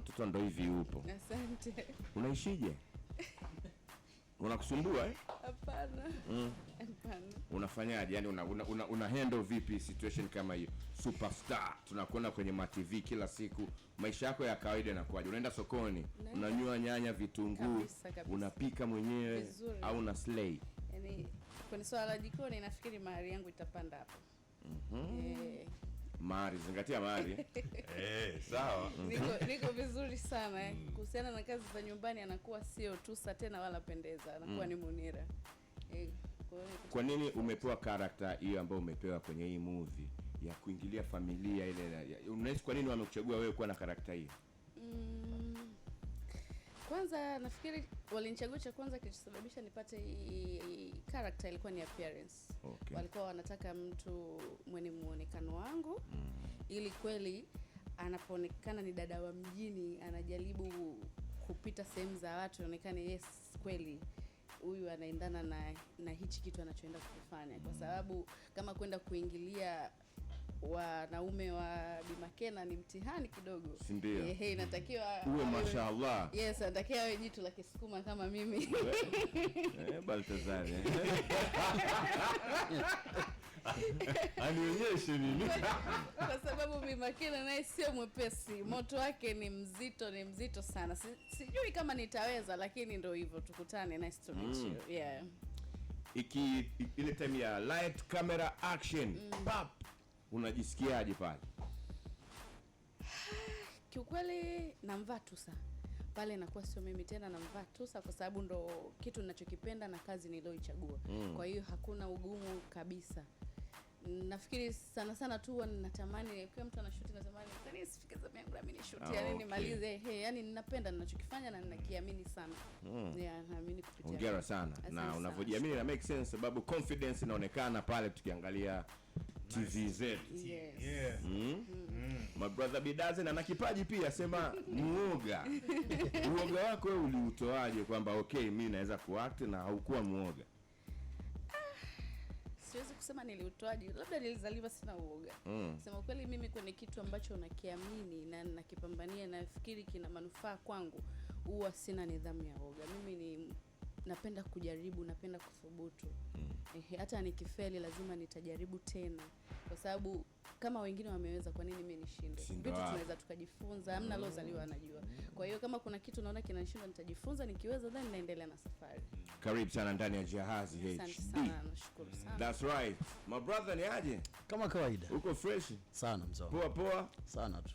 mtoto ndo hivi upo. Asante. Unaishije? Unakusumbua eh? Hapana. Mm. Hapana. Unafanyaje? Yaani una, una, una, una handle vipi situation kama hiyo? Superstar. Tunakuona kwenye ma TV kila siku. Maisha yako ya kawaida yanakuwaje? Unaenda sokoni, unanyua nyanya, vitunguu, unapika mwenyewe Vizuri. au una slay? Yaani kwenye swala la jikoni nafikiri mahari yangu itapanda hapo. Mhm. Mm eh mari zingatia mari Eh, sawa. Niko niko vizuri sana eh. Kuhusiana na kazi za nyumbani anakuwa sio Tusa tena wala Pendeza, anakuwa mm. ni Munira. Eh, kwa nini umepewa karakta hiyo ambayo umepewa kwenye hii movie ya kuingilia familia ile? Unahisi kwa nini wamekuchagua wewe kuwa na karakta hiyo? Mm. Kwanza nafikiri walinichagua cha kwanza kilichosababisha nipate hii character ilikuwa ni appearance. Okay. Walikuwa wanataka mtu mwenye muonekano wangu mm. ili kweli anapoonekana ni dada wa mjini anajaribu kupita sehemu za watu aonekane yes kweli huyu anaendana na na hichi kitu anachoenda kufanya, kwa mm. sababu kama kwenda kuingilia wanaume wa Bimakena ni mtihani kidogo, si ndio? Ehe, inatakiwa uwe mashaallah. Yes, anatakiwa awe jitu la kisukuma kama mimi eh, Baltazari anionyeshe nini? Kwa sababu Bimakena naye sio mwepesi, moto wake ni mzito, ni mzito sana. Si, sijui kama nitaweza, lakini ndio hivyo, tukutane. Nice to meet mm. you. Yeah, iki ile time ya light camera action mm. Pap unajisikiaje pale? Kiukweli namvaa Tusa pale, nakuwa sio mimi tena, namvaa Tusa kwa sababu ndo kitu ninachokipenda na kazi niliyoichagua mm. Kwa hiyo hakuna ugumu kabisa. Nafikiri sana sana tu huwa ninatamani kwa mtu anashuti, na natamani kani sifike zamu yangu na mimi nishuti, yaani ah, yani okay. Nimalize he, yani ninapenda ninachokifanya na ninakiamini sana mm. Yeah, naamini kupitia. Hongera sana na unavyojiamini na make sense, sababu confidence inaonekana pale tukiangalia TV zetu yes. Hmm? mm? mm. na kipaji pia, sema muoga uoga wako wewe uliutoaje? Kwamba okay mi naweza kuact na haukuwa muoga? Ah, siwezi kusema niliutoaji labda nilizaliwa sina uoga mm. Sema kweli, mimi kwenye kitu ambacho nakiamini na nakipambania, nafikiri kina manufaa kwangu, huwa sina nidhamu ya uoga. Mimi ni napenda kujaribu, napenda kuthubutu. mm. hata nikifeli lazima nitajaribu tena, kwa sababu kama wengine wameweza, kwa nini mimi nishinde Vitu tunaweza tukajifunza, mm. lozaliwa anajua. Kwa hiyo kama kuna kitu naona kinanishinda, nitajifunza, nikiweza then naendelea na safari. Mm. Karibu sana ndani ya Jahazi sana, nashukuru sana. Mm, that's right. My brother ni aje? Kama kawaida. Uko fresh? Sana mzee. Poa poa. Sana tu.